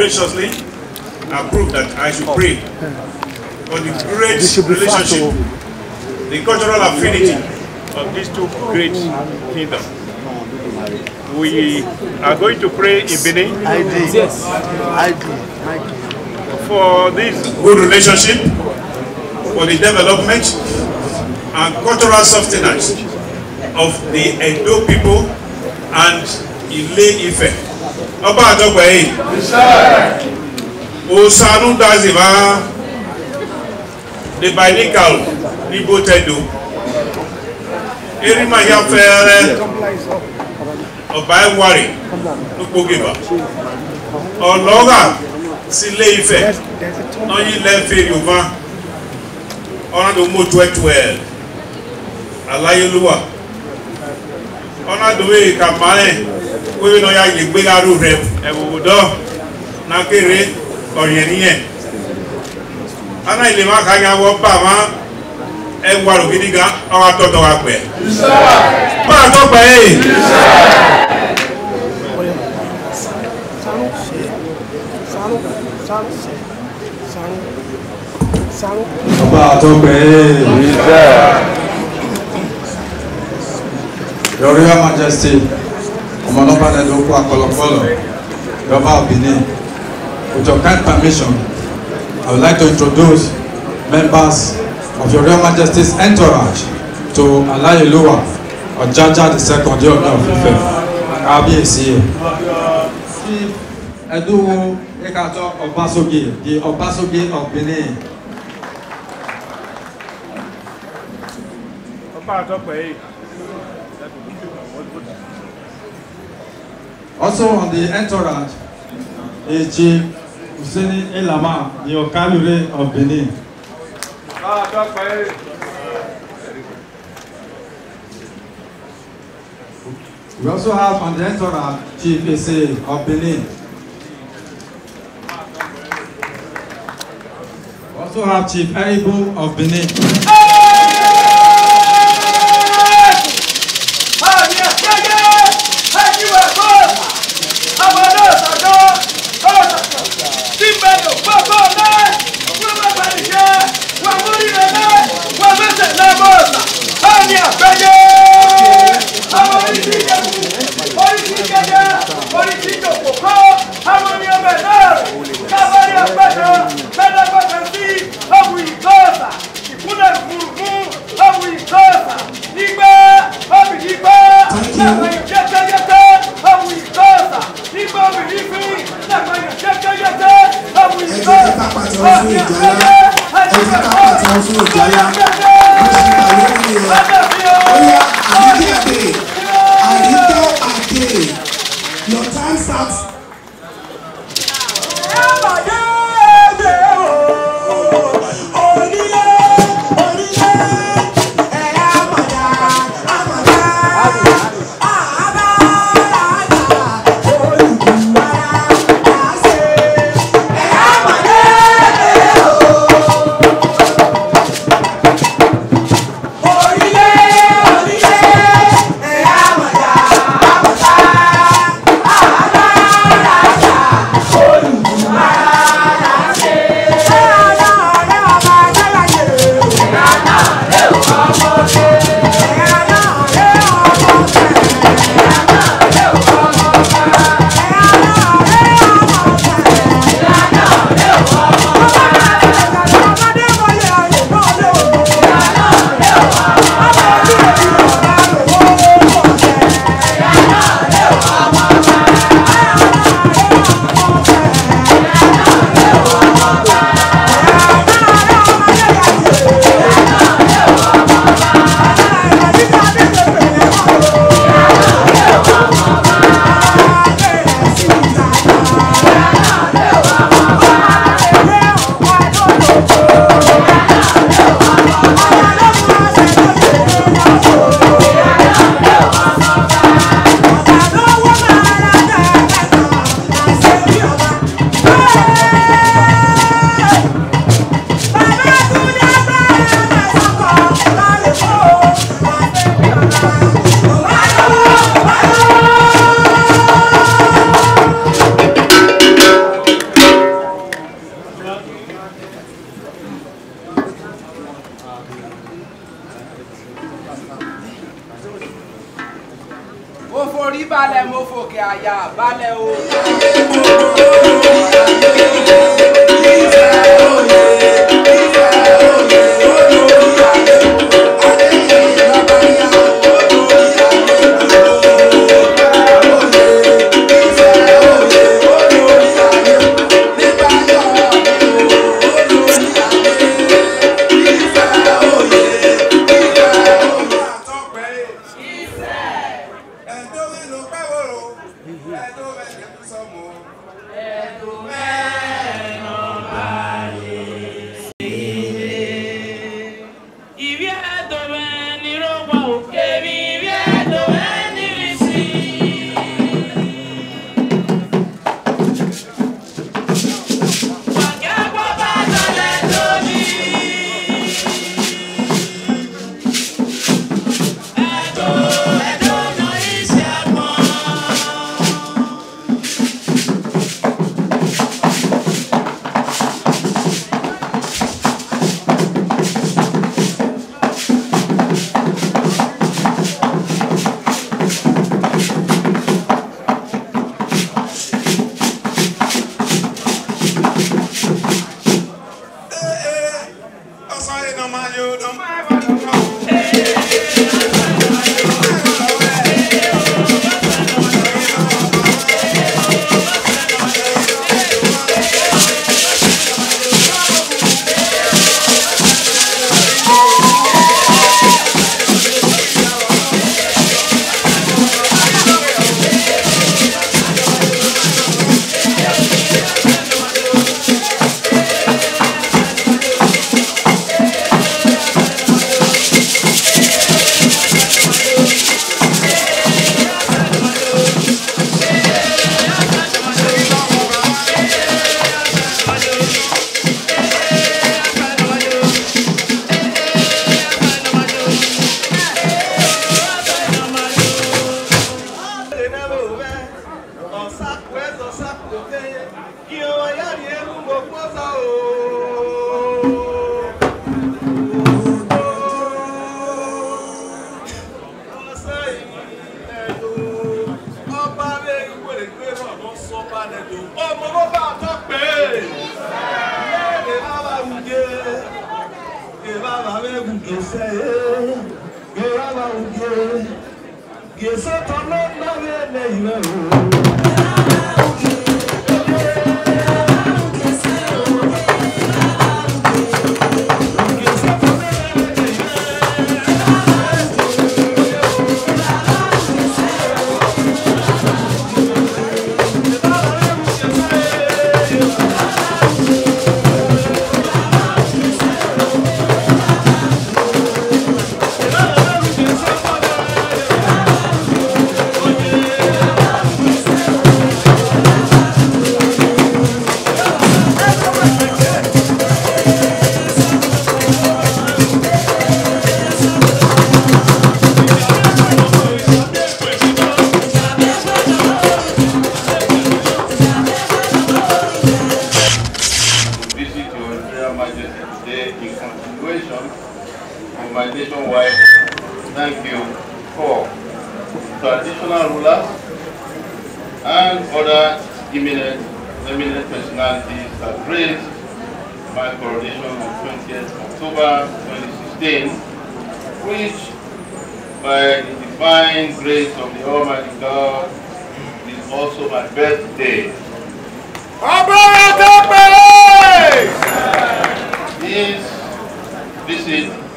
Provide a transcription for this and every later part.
graciously approved that I should pray for the great relationship, oh. the cultural affinity of these two great kingdoms. We are going to pray in Benin. I do. Yes. I do. For this good relationship, for the development and cultural sustenance of the Edo people and Ile Ife. ọba àtọ́gbà yìí òsánú dazì máa dìbàníkàl níbo tẹ́dò erima ya fẹ́ẹ́rẹ́ ọba ẹwàrì lókpógèbà ọlọ́gà sí ilé Ifẹ̀ lọ́yìn lẹ́fẹ̀ yorùbá ọ̀nàdó mọ́tò ẹ̀tùẹ̀ aláyélúwà ọ̀nàdó èkà e máa ẹ̀ pé lọ́yà yìí lè gbé láró rẹ̀ ẹ̀wòwò dọ́ nàkéré ọ̀rẹ́ nìyẹn ana ilé ma ka nya wọ bá ma ẹwà lòbí ní ga ọwọ́ àtọ́tọ́ wa pẹ̀. bá a tó pẹ̀ yìí. bá a tó pẹ̀ yìí. Your Royal Majesty ọmọ náà bá lẹ́nu okú akọlọpọlọ Yorùbá of with your kind permission I would like to introduce members of your Royal Majesty's entourage to Alayeluwa Ọjájá the second year of Ife kábíyèsí Chief Eduwo Ekato Obasoge the Obasoge of Benin. ọba àtọpẹ yìí. Also on the entourage is Chief Useni Elama, the Okalure of Benin. We also have on the entourage Chief Ese of Benin. We also have Chief Aribu of Benin. fi o oya àdìdí àdè àdìdá your time starts. balẹ̀ mo fòkè àyà balẹ̀ o. thank you for traditional rulers and other eminent, eminent personalities that graced my coronation on 20th October 2016, which by the divine grace of the Almighty God is also my birthday. This visit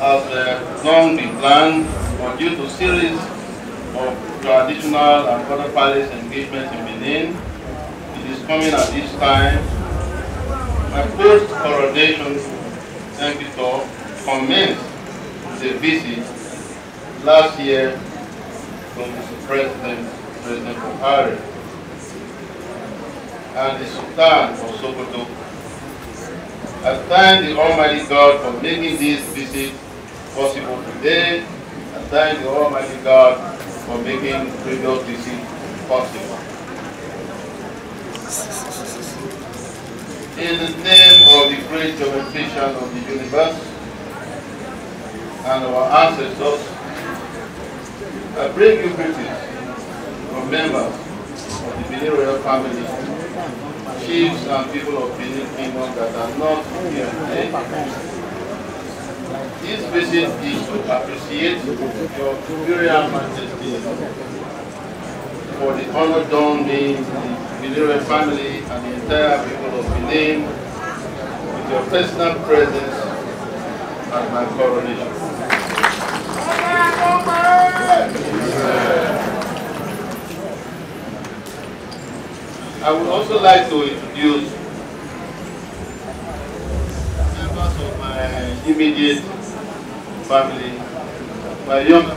has uh, long been planned, but due to series of traditional and other palace engagements in Benin, it is coming at this time. My post-coronation executor commenced the visit last year from the President, President Buhari and the Sultan of Sokoto. I thank the Almighty God for making this visit possible today. And thank the Almighty God for making previous deceit possible. In the name of the great justification of the universe and our ancestors, I bring you greetings from members of the Benin royal family, chiefs and people of Benin kingdom that are not here today. This visit is to appreciate your Imperial Majesty for the honor done me, the Benin family, and the entire people of Benin with your personal presence at my coronation. I would also like to introduce immediate family my young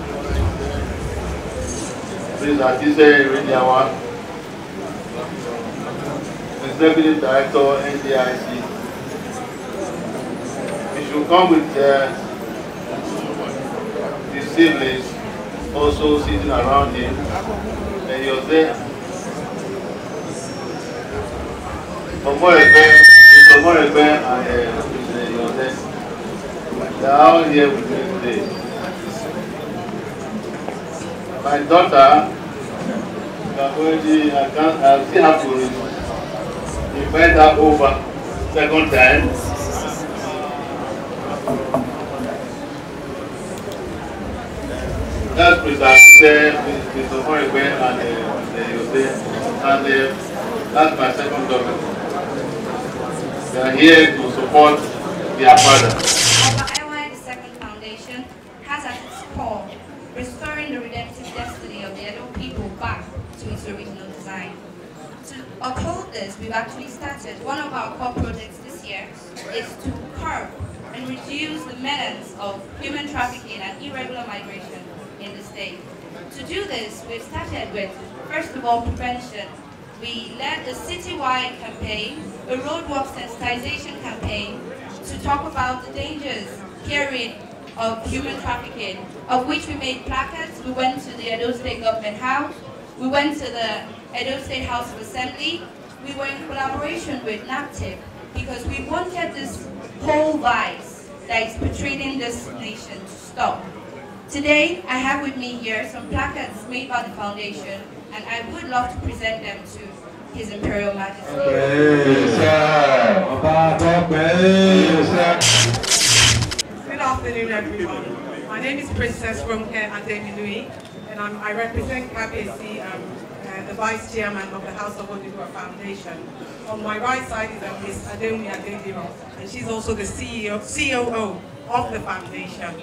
please adise ireniawa executive director ndic you should come with uh, the siblings also sitting around him and you're there ọmọ ẹgbẹ ìtọmọ ẹgbẹ and uh, uh, you're there. They are all here with me today. My daughter, already, I, can't, I still have to invite her over second time. That's Mr. Mr. Horigwe and uh, Yose, and uh, that's my second daughter. They are here to support their father. actually started, one of our core projects this year is to curb and reduce the menace of human trafficking and irregular migration in the state. To do this, we've started with, first of all, prevention. We led a citywide campaign, a roadwalk sensitization campaign, to talk about the dangers carried of human trafficking, of which we made placards. We went to the Edo State Government House. We went to the Edo State House of Assembly we were in collaboration with NAPTIP because we wanted this whole vice that is portrayed in this nation to stop. Today, I have with me here some placards made by the foundation and I would love to present them to His Imperial Majesty. Good afternoon, everyone. My name is Princess Ronke Ademi Louis, and I'm, i represent KBC um, uh, the Vice Chairman of the House of Odubua Foundation. On my right side is Ms. Ademi Adediro, and she's also the CEO, COO of the foundation.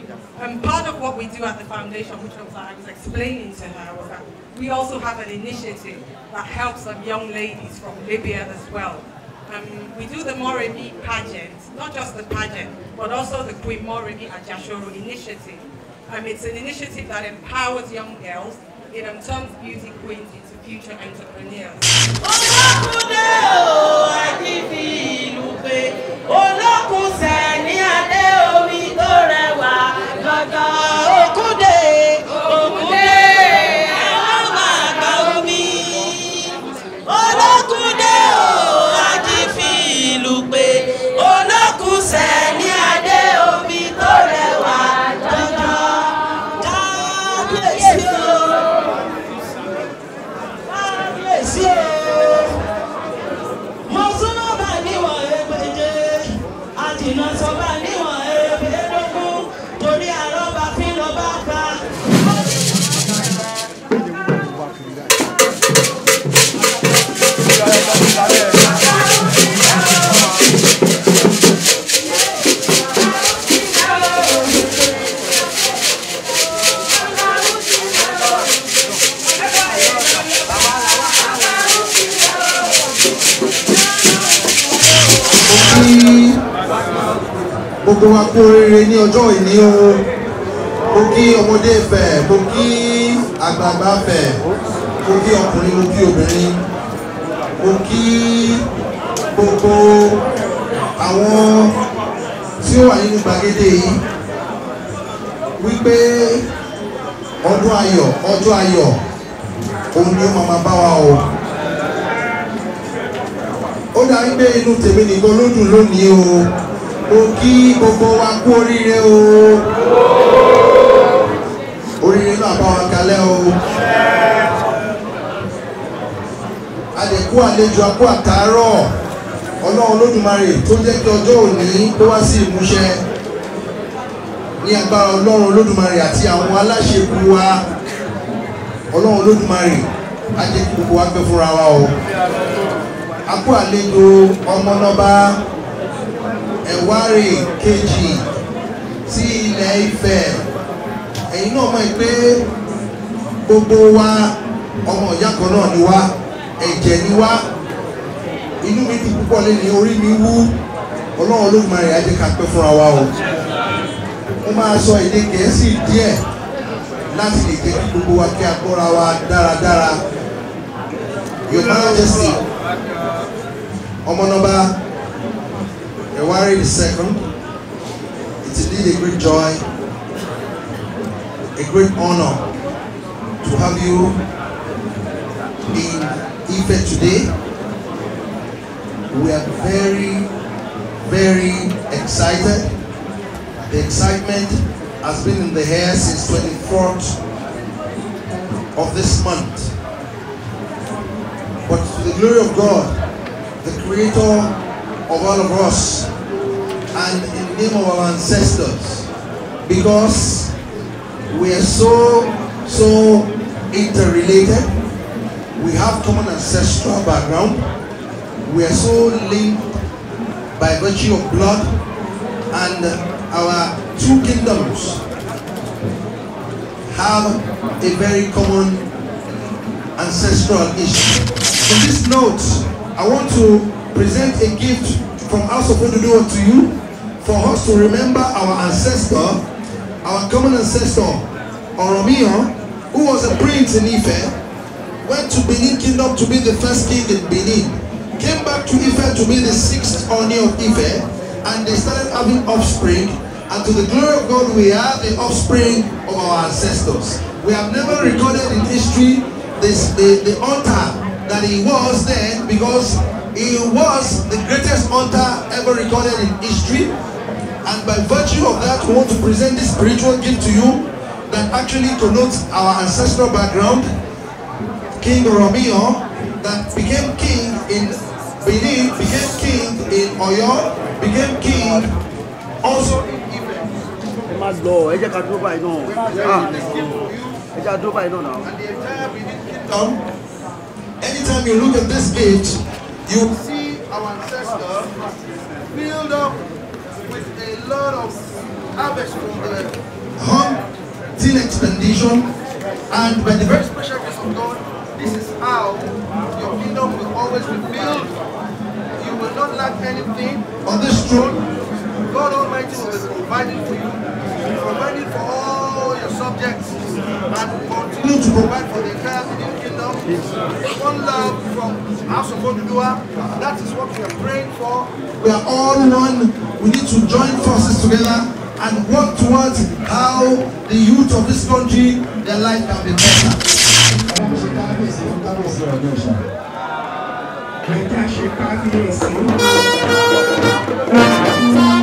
And part of what we do at the foundation, which was, I was explaining to her, was that we also have an initiative that helps young ladies from Libya as well. Um, we do the Moremi pageant, not just the pageant, but also the Queen Moremi Ajashoro initiative. Um, it's an initiative that empowers young girls it turns beauty queens into future entrepreneurs. kú oríire ní ọjọ́ ìní o mo kí ọmọdé Ifẹ̀ mo kí àgbààgbà Ifẹ̀ mo kí ọkùnrin mo kí obìnrin mo kí gbogbo àwọn tí ó wà nínú gbàgede yìí wípé ọdún ayọ̀ ọjọ́ ayọ̀ òun ni ó máa máa bá wa o ó dàbí pé inú tèmi nìkan ló lónìí o mo kí gbogbo wa kú oríire o oríire náà bá wa kalẹ̀ o a lè kú àlejò akú àtàárọ̀ ọlọ́run olódùmarè tó jẹ́ kí ọjọ́ òní kó wá sí ìmúṣẹ ní agbára ọlọ́run olódùmarè àti àwọn aláṣẹ kú wa ọlọ́run olódùmarè á jẹ́ kí gbogbo wa pẹ́ fúnra wa o a kú àlejò ọmọ náà bá. ẹ̀wárì kejì sí ilẹ̀ Ifẹ̀ ẹ̀yin náà mọ̀ pé gbogbo wa ọmọ ìyá kan náà ni wá ẹ̀jẹ̀ ni wá inú mi dùn púpọ̀ lẹ́ni orí mi wú ọlọ́run ká pẹ́ o mo máa sọ èdè gẹ̀ẹ́sì díẹ̀ láti lè jẹ́ kí gbogbo wa kí a wa dáradára Your Majesty February the 2nd. It is indeed a great joy, a great honor to have you in Ife today. We are very, very excited. The excitement has been in the air since 24th of this month. But to the glory of God, the creator of all of us, and in the name of our ancestors because we are so, so interrelated. We have common ancestral background. We are so linked by virtue of blood and our two kingdoms have a very common ancestral issue. On this note, I want to present a gift from House of Ododo to you for us to remember our ancestor, our common ancestor, Oromio, who was a prince in Ife, went to Benin Kingdom to be the first king in Benin, came back to Ife to be the sixth Oni of Ife, and they started having offspring, and to the glory of God, we are the offspring of our ancestors. We have never recorded in history this, the, the altar that he was then because he was the greatest hunter ever recorded in history And by virtue of that, we want to present this spiritual gift to you that actually connotes our ancestral background. King Romeo, that became king in Benin, became king in Oyo, became king also in Ife. Ah, And the entire Benin kingdom, anytime you look at this gift, you see our ancestor build up lot of harvest from the hunting expedition. And by the very special grace of God, this is how your kingdom will always be built. You will not lack anything on this throne. God Almighty will be providing for you, providing for all your subjects, and continue to provide for the entire kingdom. One love from House of Odua. That is what we are praying for. We are all one we need to join forces together and work towards how the youth of this country, their life can be better.